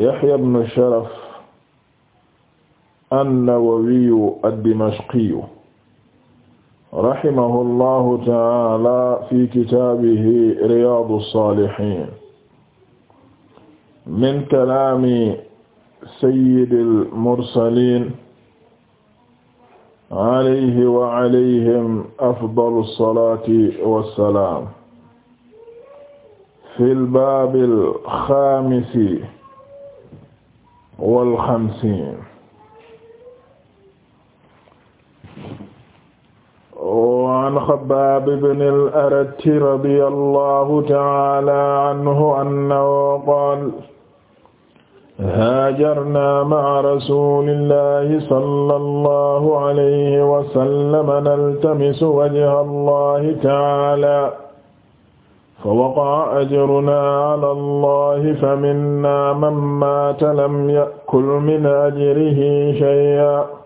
Yahya ibn Sharaf an-Nawawiyu ad-Dimashqiyu rahimahullahu ta'ala fi kitaabihi Riyaadu s-Saalihiin min kalaami sayyidil mursaliin alayhi wa alayhim afdalu s-salaati wa s-salaam fil baabil xaamisi wal xamsiin waan Xabbaab ibn al-Arat radiyallahu ta'ala anhu annahu qaala haajarnaa ma'a rasuulillahi sallallahu alayhi wa sallam naltamisu wajha Allahi ta'ala fa waqa'a ajrunaa ala allahi fa minnaa man maata lam ya'kul min ajrihi shay'an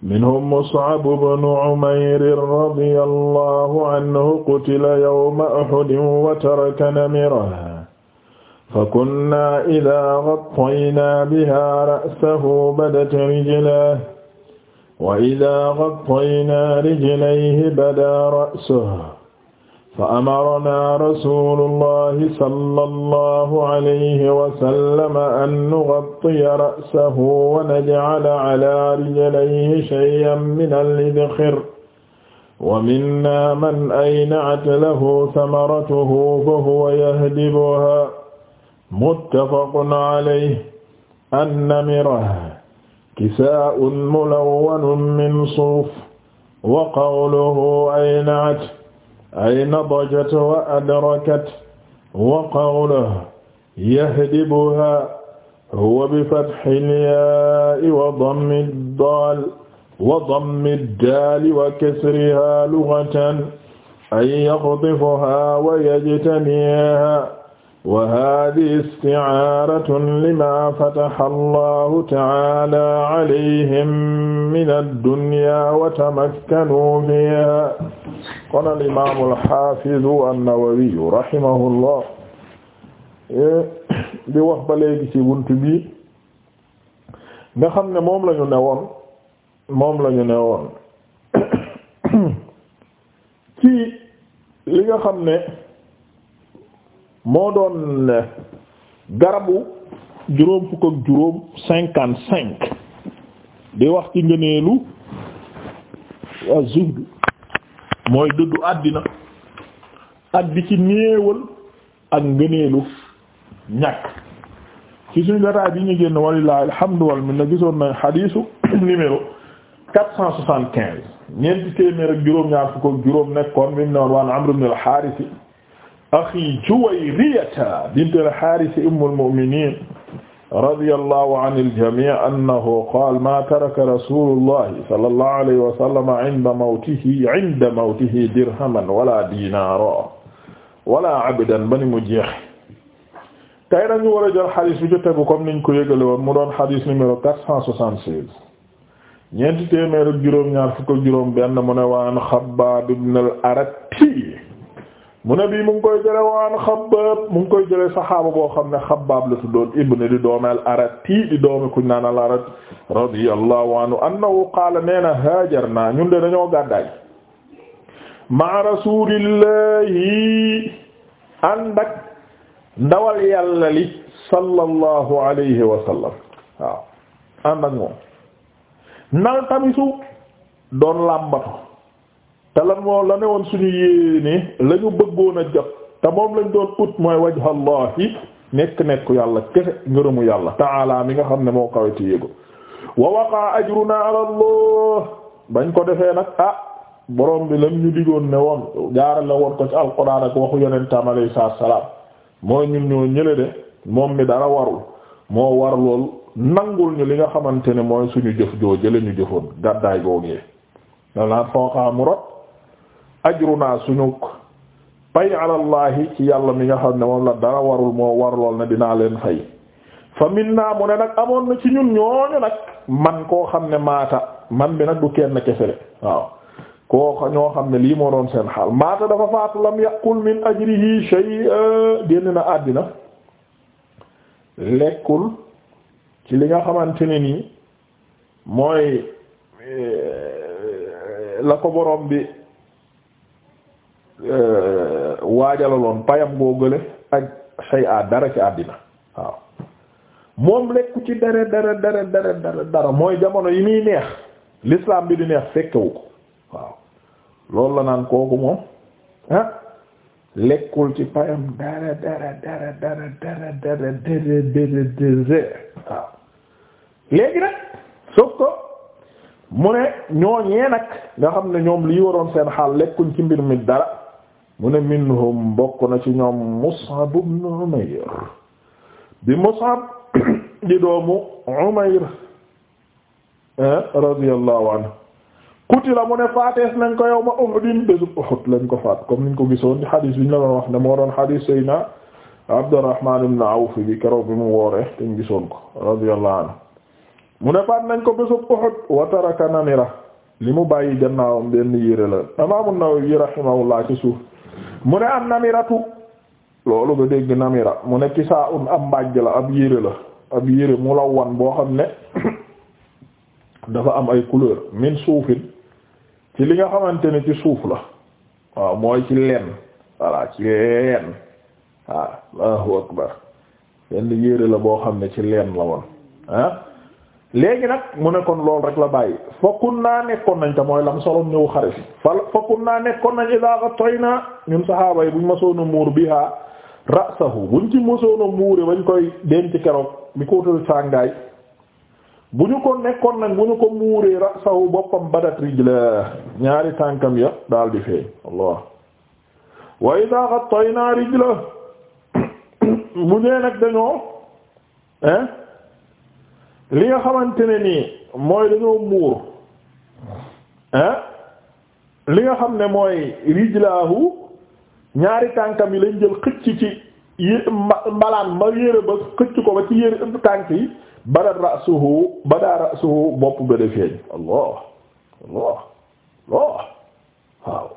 minhum mus'ab ibn umayr radiyallahu anhu qutila yawma uhud wa taraka namiratan fakunnaa idhaa ghattaynaa bihaa ra'sahu badat rijluhu wa idhaa ghattaynaa rijlayhi badaa ra'suhu fa amaranaa rasuulullahi sallallahu alayhi wa sallam an nugattiya ra'sahu wa naj'ala calaa rijlayhi shay'an minal idxir wa minnaa man ayna'at lahu samaratuhu fa huwa yahdibuhaa muttafaqun calayhi an-namira kisaa'un mulawwanun min suuf wa qawluhu ayna'at ay nadajat wa adrakat wa qawluhu yahdibuha huwa bi fathil yaa'i wa dammi daal wa dammi daali wa kasriha lughatan ay yaqdifuha wa yajtaniha wa haadihi isti'aaratun limaa fataha Allahu ta'aalaa alayhim mina ad-dunyaa wa tamakkanuu fiihaa kon al imaamu alxafidu annawawiyu rahimahullah e, di wax ba léegi ci buntu bi nga xam ne moom lañu ne woon moom lañu ne woon ci li nga xam ne moo doon garabu juróom fukk ak juróom cinquante cinq di wax ci ngëneelu az mooy dëddu àddina at bi ci néewal ak ngëneelu ñàkk ci suñu dataay bi ñu génn walilahi alhamdu wal minna gisoon nañ xadiisu numéro quatre cent soixante quinze ñeenti téeméer ak juróom-ñaar fukk juróom nekkoon mi mu ne woon waan Amr ibn al-Harith axi Juwayriyata bint al-Harith ummul mu'minin radiyallahu anil jamii annahu qaala maa taraka rasuulullahi sallallahu alayhi wa sallam inda mawtihi inda mawtihi dirhaman wala dinaaran wala abdan ba ni mu jeex. tey nag ñu war a jël xadis bi ci tegu comme niñ ko yëgale woon mu doon xadis numéro quatre cent soixante-seize ñeenti téeméer ak juróom-ñaar fukk ak juróom benn mu ne waan Xabbaab ibn al-Aratti mu ne bii mu ngi koy jële waan xabaab mu ngi koy jële saxaaba boo xam ne xabaab la tuddoon ibn di doome al arati di doome kuñ naan al arat radiyallahu anhu annahu qaala nee na haajarna ñun de dañoo gàddaay ma rasuulillahi ànd ak ndawal yàlla li sallallahu alayhi wa sallam waaw ànd ak naltamisu doon làmbatu te lan moo la ne woon suñu yéene la ñu bëggoon a jot te moom lañ doon ut mooy wajhallahi nekk nekk yàlla kese ngërëmu yàlla ta'ala mi nga xam ne moo kaweti yéego wa waqa ajruna ala allah bañ ko defee nag a ah, borom bi lan ñu digoon ne woon jaara la woon ko ci alquran ak waxu yonentam alayhi salaam mooy ñun ñoo ñële de moom mi dara warul moo war lool nangul ñu li nga xamante ne mooy suñu jëf joo jële ñu jëfoon gàddaay googee da naan fooxaa mu ajrunaa suñu pay alallahi ci yàlla mi nga xam ne moom la dara warul moo war lool ne dinaa leen fay fa min naa mu ne nag amoon na ci ñun ñooñu nag man koo xam ne maata man bi nag du kenn kesele waaw koo xam ne lii moo doon seen xaal maata dafa faatu lam yàqul min ajrihi shay'a génn na àddina lekkul ci li nga xamante ne nii mooy eh, la ko borom bi waajalaloon payam goo gële ak say a dara ci àddina waaw moom lekku ci dara dara dara dara dara dara mooy jamono yi muy neex l'islam bi di neex fekkewu ko waaw loolu la naan kooku moom ah lekkul ci payam dara dara dara dara dara dara dara dara dara waaw léegi nag soog ko mu ne ñooñee nag nga xam ne ñoom lii waroon seen xaal lekkuñ ci mbir mi dara mu ne minhum bokk na ci ñoom Mus'ab ibn Umayr bi Mus'ab di doomu Umayr eh, radiyallahu anhu qutila mu ne faatees nañ ko yawma Uhud bésu Uhud lañ ko faat comme niñ ko gisoon ci xadiis bi ñu la doon wax ne moo doon xadiis Seydina Abdurrahman ibn Awf bi keroog bi mu wooree te ñu gisoon ko radiyallahu anhu mu ne faat nañ ko bésu Uhud wa taraka namira li mu bàyyi gannaawam benn yére la Imaam An-Nawawi rahimahullah ci suuf mu ne am namiratu loolu nga dégg namira mu ne kisaa un ab mbàjj la ab yére la ab yére mu la wan boo xam ne dafa am ay couleur min suufin ci li nga xamante ne ci suuf la waaw mooy ci leen voilà ci leen waaw Allahu akbar benn yére la boo xam ne ci leen la woon ah léegi nag mu nekkoon lool loolu la bàyyi fokkun naa nekkoon nañ te mooy lam solom ñëw xare si fa fokkun naa nekkoon nañ ida ghataynaa ñun sahaaba yi buñ mosoona muur biha ra'sahu buñ ci mosoona muure bañ koy denc keroog bi ko wutal sàngaay bu ñu ko nekkoon nag bu ñu ko muuree ra'sahu boppam badat la ñaari tànkam ya daal di feeñ allah wa ida ghataynaa rijla bu ñee nag dañoo li nga xamante ne nii mooy dañoo muur li nga xam ne mooy rijlaahu ñaari tànkam yi lañ jël xëcc ci yé- mbalaan ma yére ba xëcc ko ba ci yére tànk yi bada rasuhu bada rasuhu bopp ba de feeñ allah allah allah waaw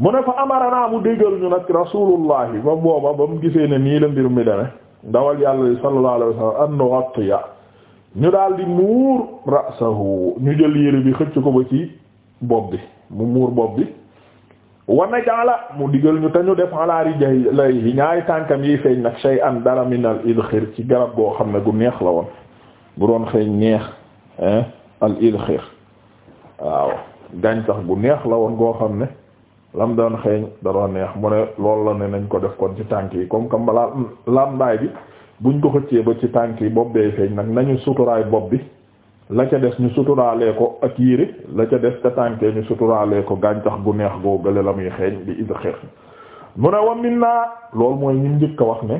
mu ne fa amaranaa mu déggal ñu nag rasulullahi ba booba ba mu gisee ne nii la mbir mi deme ndawal yàlla sallallahu alayhi wasallam an nughtiya ñu daal di muur rasahu ñu jël yére bi xëcc ko ba ci bopp bi mu muur bopp bi wana jaala mu digal ñu te ñu def alaari jay lay yi ñaari tànkam yi feeñ nag shay an dara minal idxir ci garab goo xam ne gu neex la woon bu doon xeeñ neex al idxir waaw gàncax gu neex la woon goo xam ne lam doon xeeñ da doon neex mu ne loolu la ne nañ ko def kon ci tànk yi comme comme lam lambaay bi buñ ko xëccee ba ci tànk yi bopp bee feeñ nag nañu suturaay bopp bi la ca des ñu suturaalee ko ak yére la ca des ca tànkee ñu suturaalee ko gàncax gu neex goo gële la muy xeeñ bi indi xeex mu ne wa minna loolu mooy ñun njëkk a wax ne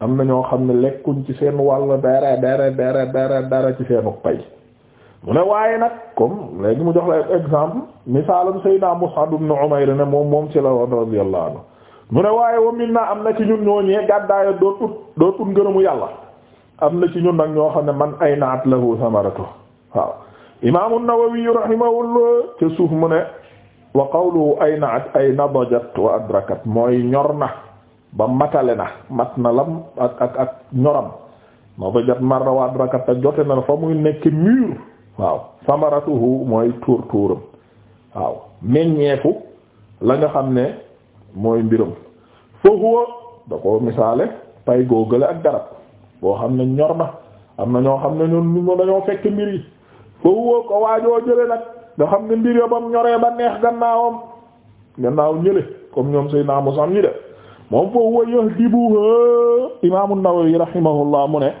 am na ñoo xam ne lekkuñ ci seen wàll dara dara dara dara dara ci seenu pay mu ne waaye nag comme léegi mu jox la exemple misaalum Sayyidina Mus'ab ibn Umayr ne moom moom ci la woon radiyallahu anhu mu ne waaye wa minna am na ci ñun ñooñee gàddaaya doo tut doo tut ngërëmu yàlla am na ci ñun nag ñoo xam ne man ay naat lahu samaratu waaw imaamu an-Nawawi rahimahullah ca suuf mu ne wa qawluhu ay naat ay nadajat wa adrakat mooy ñor na ba matale na mat na lam ak ak ak ñoram nadajat marra wa adrakat te jote na fa muy nekk mur waaw samaratuhu mooy tuur tuuram waaw meññeefu la nga xam ne mooy mbiram fa huwa da ko misaale pay goo ak garab boo xam ne ñor na am na ñoo xam ne ñun dañoo fekk mbir yi fa huwa ko waajoo jële nag nga xam ne mbir yo bam ñoree ba neex gannaawam gannaaw ñële comme ñoom say naa mosam ñi de moom fa huwa yahdibuha imaamu Nawawi rahimahullah mu ne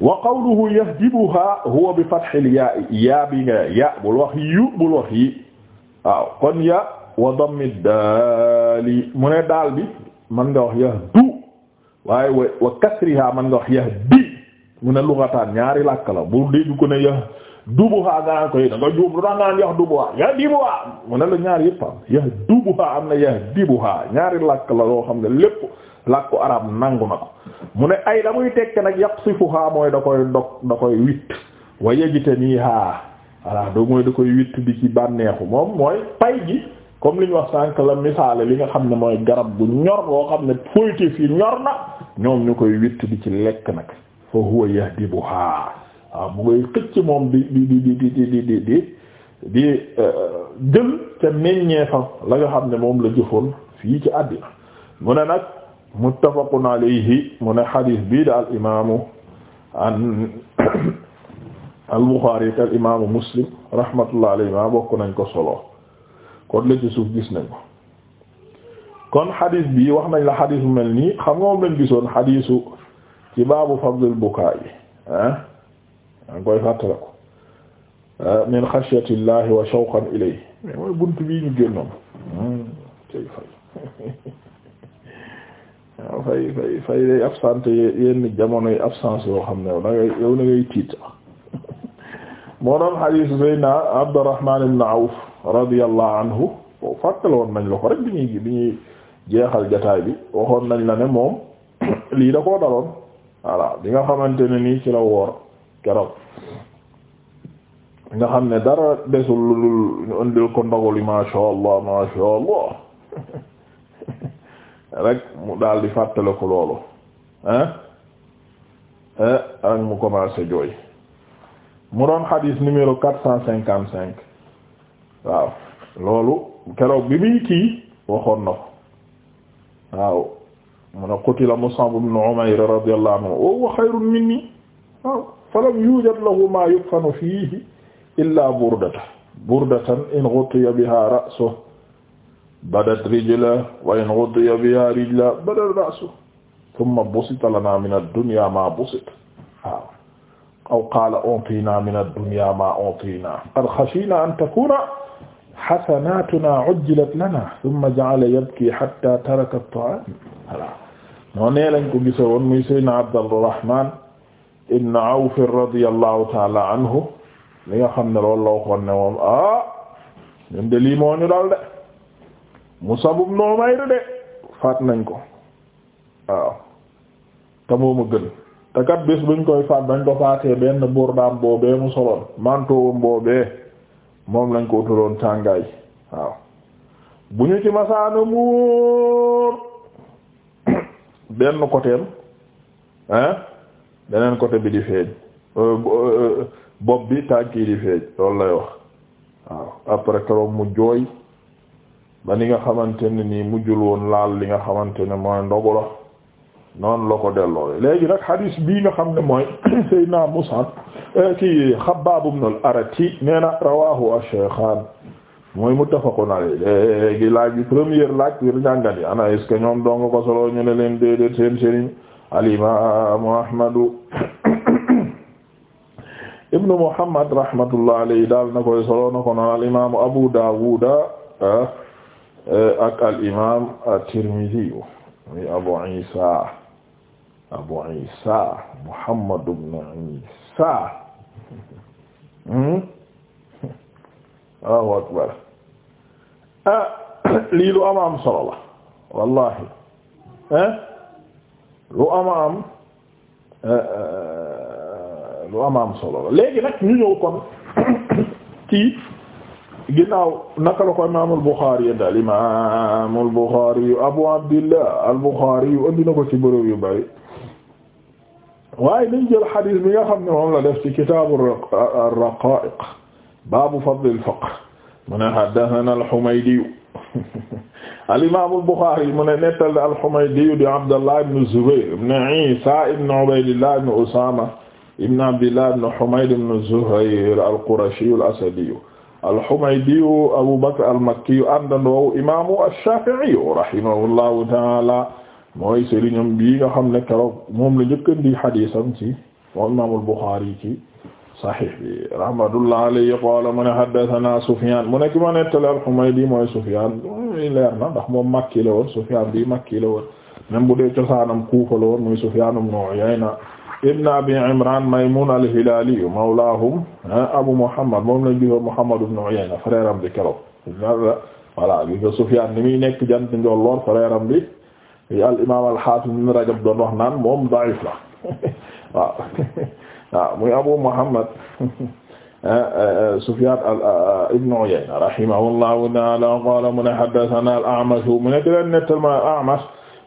wa qawluhu yahdibuha huwa bi fathil yaa yaa bi nga ya bul wax yu bul wax yi waaw kon ya wa dammi daali mu ne daal bi mën nga wax yahdu waaye wa wa kasriha man nga wax yahdi mu ne lugataan ñaari làkk la bu dégg ko ne yahdubuha nga koy da nga juum lu tax naan yahdubuha yahdibuha mu ne la ñaari yëpp am yahdubuha am na yahdibuha ñaari làkk la loo xam ne lépp làkku arab nangu na ko mu ne ay la muy tekki nag yaqsifuha mooy da koy dog da koy witt wa yajtaniha voilà doo mooy da koy witt bi ci bànneexu moom mooy pay gi comme li ñu wax sànq la misaale li nga xam ne mooy garab bu ñor boo xam ne foyteef yi ñor na ñoom ñu koy witt di ci lekk nag fa huwa yahdibuha waaw mu ngay xëcc moom di di di di di di di di di euh, jël te meññee xam ne moom la jëfoon fii ci àddina mu ne nag mu ne xadiis bii da al imaamu an al Buxaari Muslim rahmatullah alayhi ma bokk nañ ko solo kon la ci suuf gis nañ ko kon xadis bi wax nañ la xadis bu mel nii xam nga moom lañ gisoon xadisu ci baabu fadlil bukaa yi ah yaa ngi koy fàttale eh, ko min xashyati llahi wa shawqan ilayhi mais mooy bunt bii ñu génnoon tay hmm, fay fay fay fay day absente yenn jamono yi absence yoo xam ne yow na yow na ngay moo doon xadisu Seydina Abdurrahman ibn Awf radiyallahu anhu fàttali woon nañ la ko rek bi ñuy bi ñuy jeexal jataay bi waxoon nañ la ne moom lii da koo daloon voilà bi nga xamante ne nii ci la woor keroog nga xam ne dara desul lu dul ñu indil ko ndogalu ma sha Allah ma sha Allah rek mu daldi di fàttale ko loolu hein hein rek mu commencé jooy mu doon xadiis numéro quatre cent cinquante cinq waaw loolu keroog bi muy kii waxoon na ko waaw mun a qutila Mus'ab ibn Umayr radiyallahu anhu wa huwa xayrun minni waaw falam yujad lahu ma yukfanu fihi illa burdata burdatan in ghutiya biha ra'suhu badat rijluhu wa in ghutiya biha rijluhu badat ra'suhu thumma busita lana min ad-dunya ma busita waaw aw qala utina min ad-dunya ma utina qad khashina an takuna xasanaatuna ujjilat lana thumma ja'ala yabki hatta taraka at-ta'am voilà noo nee lañ ko gise woon muy sayyidina Abdurrahman ibn Awf radiyallahu ta'ala anhu li nga xam ne loolu la waxoon ne moom ah ñun de lii moo ñu dal de Musab ibn Umayr de faat nañ ko waaw te mooma gën te kat bés buñ koy faat dañ ko faatee benn burdaam boobee mu soloon mantoowam boobee moom lañ ko utaloon tàngaay waaw bu ñu ci masaana muur benn côté hein beneen côté bi di feeñ euh, euh, euh, bopp bi tànk yi di feeñ loolu lay wax waaw après keroog mu jooy ba ni nga xamante ne mu mujjul woon laal li nga xamante ne mooy ndogu noonu la ko delloo léegi nag hadis bii nga xam ne mooy Seydina Mus'ab eh, ki Xabbaab ibn arati nee na rawahu ash mooy muttafaqun alayhi léegi laaj bi première laaj bi njàngat yi ana est-ce que ñoom dong ko solo ñu ne leen déedéet seen sëriñ al-Imaamu Ahmadu ibnu Muhammad rahmatullah alayhi daal na koy solo na ko al-Imaamu Abu Daawud eh, eh, al-Imaam at-Tirmidhi Abu Isa Abu Isa Muhammad ibn Isa hmm? Allahu akbar ah, lii lu ama am solo la wallahi eh? lu ama am eh, eh, lu ama am solo la léegi nag ñu ñëw kon ci ginnaaw naka la ko imaamul Buxaari yéen daal imaamul Buxaari Abu Abdillah al-Buxaari yu andi na ko ci bërëb yu bari waaye nañ jël xadiis bi nga xam ne moom la def ci kitaabu ar-raqaa'iq baabu fadli al-fiqh mu ne haddathana al-Humaydi al-imaam al-Buxaari mu ne nettal al-Humaydi di Abdallah ibn Zubayr ibn Iisaa ibn Ubaydillah ibn Usaama ibn Abdillah ibn Humayd ibn Zuhayr al-Qurashi al-Asadi al-Humaydi Abu Bakr al-Makki àndandoo imaamu ash-Shaafi'i rahimahullahu ta'aala mooy sëriñam bii nga xam ne keroog moom la njëkkandi xadiisam ci wa imaamul Buxaari ci saxiix bi rahmatullah alayhi qaala mu ne haddathana Sufyaan mu ne ki ma nettali al-Humaydi mooy Sufyaan leer na ndax moom Makki la woon Sufyaan bi Makki la woon même bu dee cosaanam Kuufa la woon muy Sufyaan ibn Uyayna ibn Abi Imraan Maymuun al-Hilaali mawlaahum Abu Muhammad moom lañ gisoon Muhammad ibn Uyayna frère am bi keroog voilà bi nga Sufyaan ni muy nekk jant njolloor frère am bi al imaam al haafis ibn Rajab doon wax naan moom da'if la waaw waaw muy Abu Muhammad Sufyaan ibn Uyayna rahimahullahu ta'aala qaala mu ne haddathanaa al-A'mash mu ne leen nettal ma al-A'mash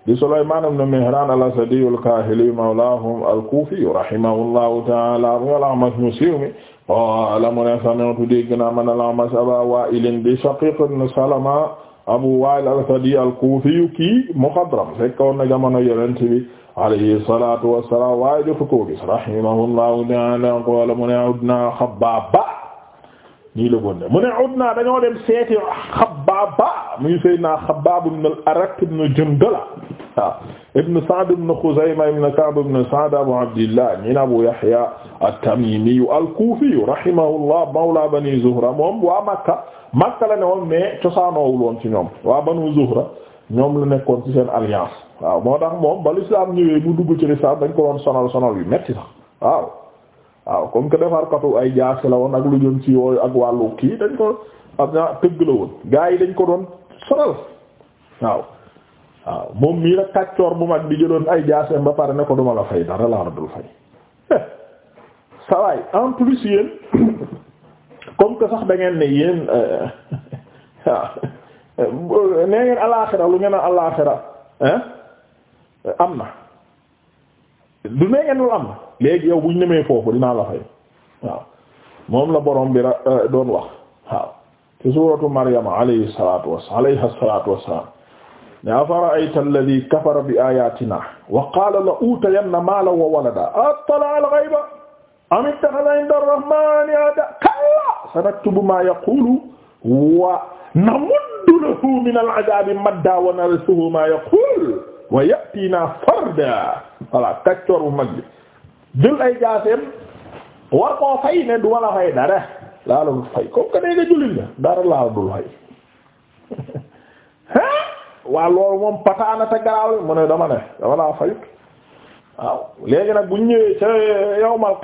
di Sulaymaan ibn Mihraan al-Asadi al-Kaahili mawlaahum al-Kuufi rahimahullahu ta'aala mu al-A'mash mu siiw mi qaala mu ne sami'tu dégg naa man al-A'mash Abaa Waa'il di Shaqiiq ibn Salama Abu Wa'il al-Asadi al-Kufi kii muxadram fekkoon na jamono Yonent bi alayhi salaatu wa salaam waaye jotu ko gis rahimahullahu ta'ala qaala mu ne udnaa Xabbaaba nii la woon ne mu naa udna dañoo dem seeti xabaaba muy sayyidina xabaab ibn al-arak ibn jundala waaw ibn sa'd ibn xuzayma ibn ka'b ibn sa'd abu abdillah ñi na abu yahya at-tamimi al-kufi rahimahullah mawla bani zuhra moom waa makka makka la ne woon mais cosaanoowul woon ci ñoom waa banu zuhra ñoom la nekkoon ci seen alliance waaw moo tax moom ba l'islam ñëwee bu dugg ci l'islam dañ ko sono sonal sonal yu metti sax waaw waaw comme que defarkatu ay jaasi la woon ak lu jëm si yooyu ak wàllu kii dañ ko am na tëgg la woon gaa yi dañ ko doon sonal waaw waaw moom mii la kàccoor bu mag bi jëloon ay jaaseem ba pare ne ko duma la fay dara laa la dul fay sawaay eh. en plus yéen comme que sax da ngeen ne yéen euh, waaw euh, nee ngeen alaaxira lu ngeen alaaxira hein am na du nee ngeen lu am na léegi yow buñ ñemee foofu dinaa la fay waaw moom la borom bi euh, doon wax waaw ci suuratu maryama alayhi salaatu wa alayha salaatu wassalaam ne afara'ayta alladhi kafara bi ayatina wa qaala la uutayanna maalan wa walada attala'a al-ghayba am ittakhadha inda ar-rahmani ahda kallaa sanaktubu ma yaqulu wa namuddu lahu min al-'adhabi madda wa narisuhu ma yaqulu wa ya'tina farda voilà kàccoor bu mag bi jël ay jaaseem war koo fay ne duma la fay dara laa la dul fay comme que nee nga jullit la dul fay hein waa loolu moom pataana te garaaw mu ne dama ne dama laa fayut waaw léegi nag bu ñëwee ca yawmal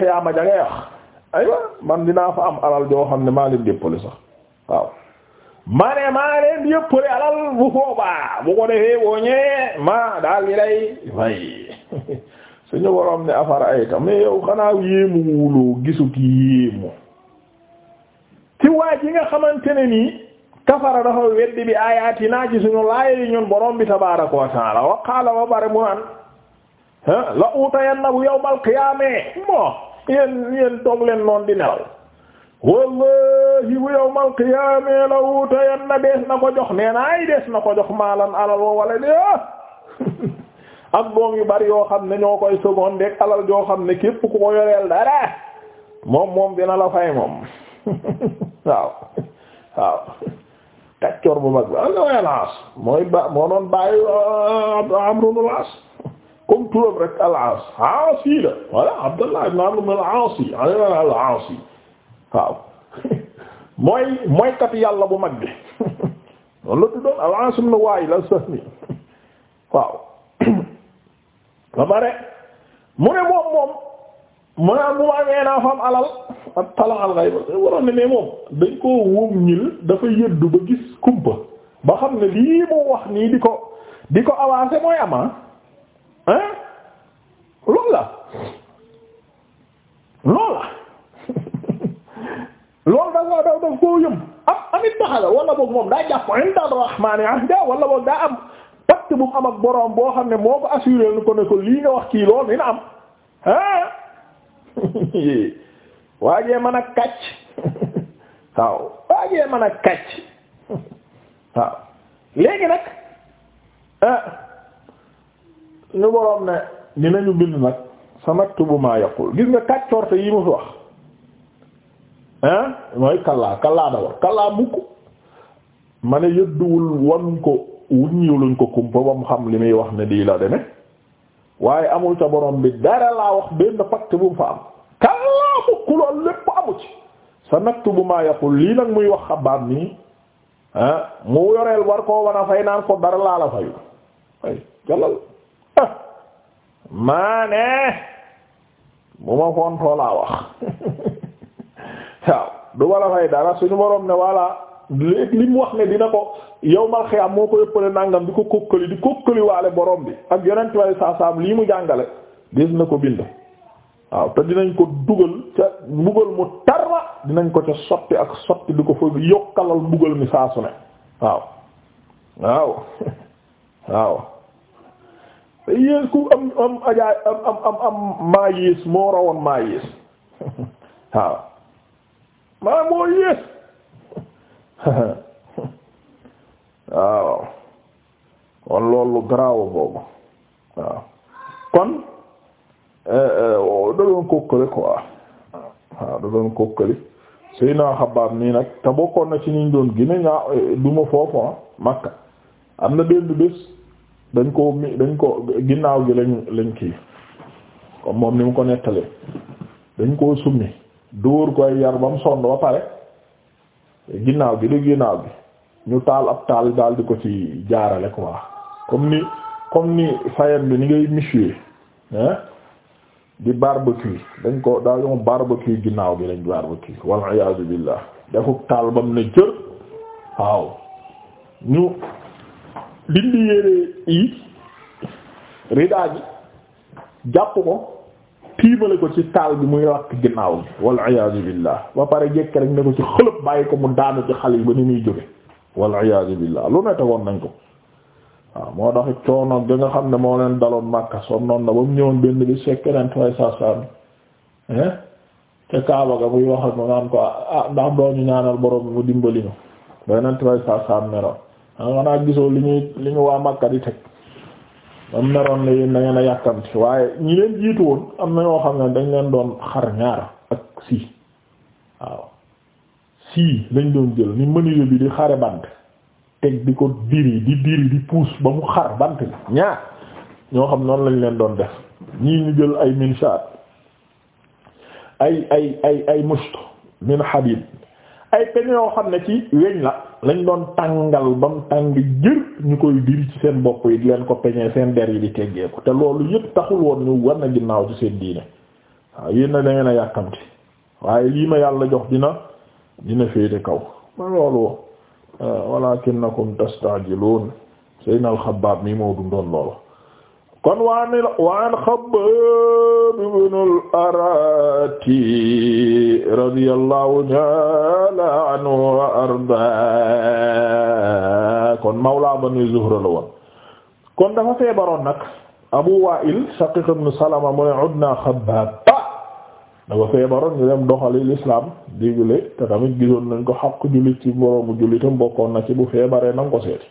man dinaa fa am alal joo xam ne maa leen déppale sax waaw ma ne maa leen yëppale alal bu foobaa bu ko defee boo ñëwee ma daal di lay fay suñu borom ne afara ayta mais yow xanaa yéemu wuloo gisu yéemu ci waa ji nga xamante ne nii kafara dafa weddi bi ayaati naa ci suñu laaya yi ñun borom bi tabaaraka wa taala wa qaala wa bare mu naan la utayannahu yawmal qiyaamee moo yéen yéen toog leen noon di nelaw wallahi bu yawmal qiyaamee la utayanna dees na ko jox nee ay dees na ko jox maalan alal wa wala de ak doom yu bari yoo xam ne ñoo koy seconde ak alal joo xam ne képp ku ko yoreel dara moom moom dina la fay moom waaw waaw kaccoor bu mag ba mooy alaas mooy ba moo doon bàyyi euh, Amru ibn al-As comme turam rek al-As aasi la wala Abdullah ibn Amr ibn al-As al-As waaw mooy mooy kat yàlla bu mag bi loolu la tuddoon al-As ibn Wa'il al-Sahmi waaw ba mu ne moom moom mu ne bu ma amee naa fam alal ak tala al ghayb waroon ne mais moom dañ koo wóom ñil dafa yëddu ba gis kumpa ba xam ne lii mu wax nii di ko di ko avancé mooy ama ah, hein loolu la loolu la loolu da nga da koo yëm am amit taxala wala boog moom daa jàpp inda rahmani ahda wala boog daa am pacte bu am ak boroom boo xam ne moo ko assuré nu ko ne ko lii nga wax kii loolu dina am ah waajee mën a kàcc waaw waajee mën a kàcc waaw léegi nag eh, ñu boroom ne dinañu bind nag sa naktubu maa yaqul gis nga kàccoorte yi mu wax ah mooy kallaa kallaa da war kallaa ma ne yëdduwul wan ko wuññiw luñ ko kumpa ba mu xam li muy wax ne dii la deme waaye amul ca borom bi dara laa wax benn pacte bu mu fa am kallaa mukk lépp amu ci sa naktubu maa yaqul lii nag muy wax xabaar nii ah, mu yoreel war koo wan a fay naan ko dara laa la fayu ay jalal ah, bu ma fontoo laa wax waaw du ma la fay dara suñu borom ne walla léegi li mu wax ne dina ko yowmal xiyaam moo ko ëppale nangam di ko kokkali di kokkali waale borom bi ak yonent bi saa saam lii mu jàngale des na ko bind waaw te dinañ ko dugal ca mbugal mu tarma dinañ ko ca sotti ak sotti di ko fa yokkalal mbugal mi saasu ne waaw waaw waaw yées ku am am ajaay am am am am maa yées moo rawoon maa yées waaw maa moo yées waaw kon loolu garaaw boobu waaw kon eh, eh, oh, da doon kokkale quoi waaw da doon kokkali suy naa xabaar nii nag te bokkoon na ci ñu doon gine ñaa eh, duma foofu ah, makka am na benn bés dañ ko mi dañ ko ginnaaw gi lañ lañ kii comme moom ni mu ko nettalee dañ koo summi dóor ko ay yar ba mu sonn ba pare ginnaaw bi di ginnaaw bi ñu taal ab taal daal di ko ci jaarale quoi comme ni comme ni fayet bi ni ngay miche hein di barbecue dañ ko dal di barbecue ginnaaw bi lañ barbecue wal iyaazu billah defuk taal bam ne jër waaw ñu dindi yére yi ridaa ji jàpp ko tiimale ko ci taal bi muy lakk ginnaaw bi wal iyaazu billah ba pare jekk rek ne ko ci xëlëb bàyyi ko mu daanu ci xal ba ni muy jóge wal iyaazu billah lu ne tegoon nañ ko waaw moo tax coono ga nga xam ne moo leen daloon Makka sonnoon na ba mu ñëwoon benn bi sekk neen try saa saa mi hein Kaaba ga muy wax ak mu naan ko ah ndax doo ñu ñaanal borom mu dimbali ñu ba neen try saa saa meroon xanaa gisoo li ñuy li ñu waa Makka am na ne na da ngeen a yàkkamti waaye ñi leen jiitu woon am na ñoo xam ne dañ leen doon xar ñaar ak si waaw si lañ doon jël ni menuisier bi di xare bant teg di ko diri di diri di puus ba mu xar bant ñaar ñoo xam noonu lañ leen doon def ñii ñu jël ay minshaat ay ay ay ay mushto ay peñ xam ne ci weñ la lañ doon tàngal ba mu tàng jër ñu koy diri ci seen bopp yi di leen ko peñee seen der yi di teggeeku te loolu yëpp taxul woon ñu war na ginnaaw ci seen diine waaw yéen na da ngeen a yàkkamti waaye lii ma yàlla jox dina dina féete kaw ba loolu walakinnakum tasta'jiluun Seydina al-Xabbaab mi moo dundoon loolu kon waanil waan Xabbaab ibnul Araati radiyallahu ta'ala anhu wa ardaa kon mawla Bani Zuhra la woon kon dafa feebaroon nag Abu Wa'il Shaqiq ibn mu ne udna Xabbaab dafa feebaroon ñu dem doxali l'islam digule te tamit gisoon nañ ko xaq jullit ci moroomu na ci bu feebaree nang ko seeti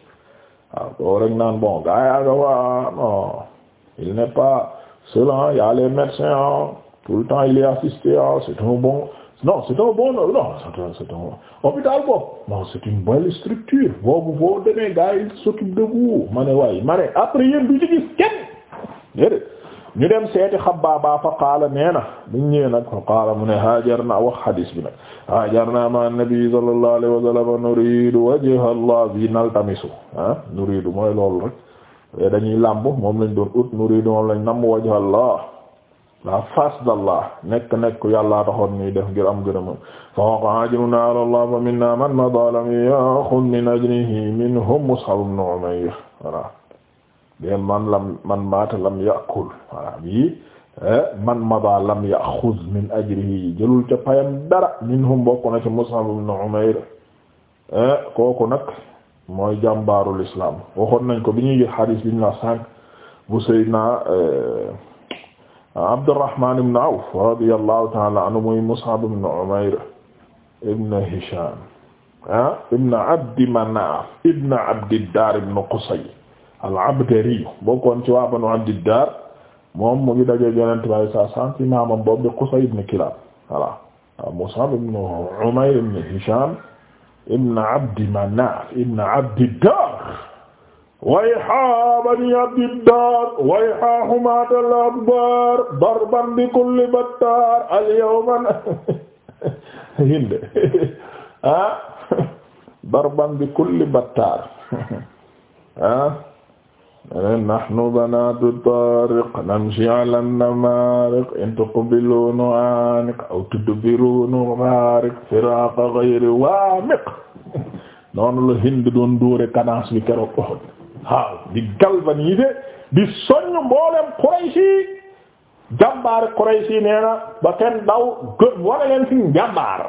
waaw ko rek naan bon gaa yaa nga waa il n'est pas seul hein il y a les médecins hein tout le temps il est assisté hein c'est un bon non c'est un bon non c'est un c'est un hôpital boobu non c'est une belle structure boobu boo demee gars yi s'occupe de vous ma ne waaye ma ne après yéen du ci gis kenn déedéet ñu dem seeti Xabbaaba fa qaala nee na dañ ñëwee nag fa qaala mu ne haajarna wax hadis bi nag haajarna ma nabi sallallahu alayhi wa sallam nuriidu wajha Allah bi naltamisu ah nuriidu mooy loolu rek dañuy làmb moom lañ doon ut nuriidu moom lañ namm wajhallah la face d'Allah nekk nekk yàllaa taxoon ñuy def ngir am gërëmam fa waqa ajruna ala Allah fa minna man mada lam yaxud min ajrihi minhum Mus'ab ibn Umayr voilà de man lam man maata lam yakul voilà bi eh, man mada lam yaxud min ajrihi jëlul ca payam dara minhum bokk na ci Mus'ab ibn Umayr eh, kooku nag mooy jàmbaarul islam waxoon nañ ko bi ñuy gis xadiis bi ñu la sànq bu sayyidina eh, Abdurrahman ibn Awf radiyallahu ta'ala anhu muy Mus'ab ibn Umayr ibn Hisham ah ibn Abdi Manaf ibn Abdi Dar ibn Qusay al-Abdari bokkoon ci waa Banu Abdi Dar moom mu ngi daje Yonent bi saa sant imaamam boobu di Qusay ibn Kilab voilà Mus'ab ibn Umayr ibn Hisham ibn abdi manaf ibn abdi dar wayha bani abdi dar wayha humatal adbar darban bi kulli battar al yawma hind ah darban bi kulli battar ah enen nahnu banatu tariq namshi ala namariq in tuqbilu nu'aniq aw tudbiru nu'ariq firaqa ghayri wamiq noonu la Hind doon dóore cadence bi keroog Uhud waaw di galvaniser di soññ mboolem Qurayshi jàmbaar Qurayshi nee ba kenn daw gën wane leen fi jàmbaar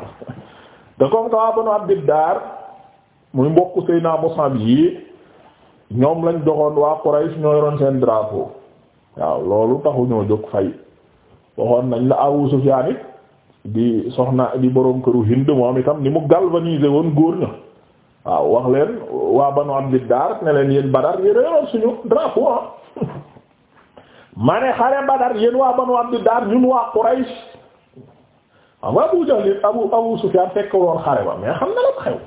da comme que Daar muy mbokk Seydina Musab yi ñoom lañ doxoon waa Quraysh ñoo yoroon seen drapeau waaw loolu taxu ñoo jóg fay waxoon nañ la Abu Sufyaan di soxna di boroom këru Hind moom itam ni mu galvaniser woon góor ña waaw wax leen waa Banu Abdid Dar ne leen yéen Badar yéen yoroon suñu drapeau ah ma ne xare Badar yéen waa Banu Abdid Dar ñun waa Quraysh xam Abu Jahl fekk woon xare ba mais xam na la xew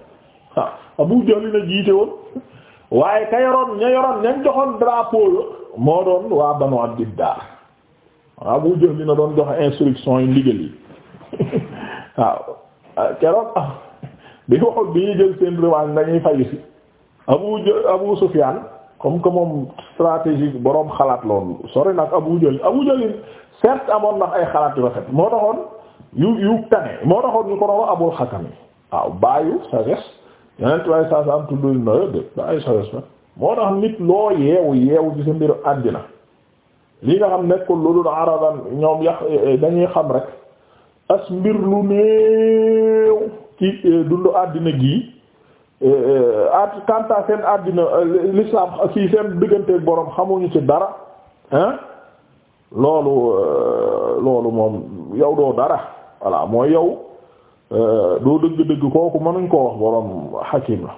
waaw Abu Jahl na jiite woon waaye ka yoroon ña yoroon ña joxoon drapeau yo moo doon waa banu abdid daar waaw bu jël dina doon jox instruction yi ndigal yi waaw ah, keroog am ah, bi waxul bi ñuy jël seen revanche dañuy fayu si abu jë- abu sufiyaan comme que moom stratégique boroom xalaat loolu sori nag abu jël abu jëlin certes amoon ndax ay xalaat yu moo taxoon yu yu tane moo taxoon ñu ko doon abul xakam yi waaw baayu sagesse yeneen tubaab yi saa saa am tuddul moo tax nit loo yeewu yeewu ci sa mbiru àddina li nga xam nekkul lu dul aradan ñoom yàq eh, dañuy xam rek as mbir lu néew ci eh, dundu àddina gii eh, at kanta seen àddina l'islam ci seen digganteeg borom xamuñu ci dara hein loolu loolu moom yow doo dara voilà mooy yow. Euh, doo dëgg-dëgg kooku mënuñ koo wax borom xakim la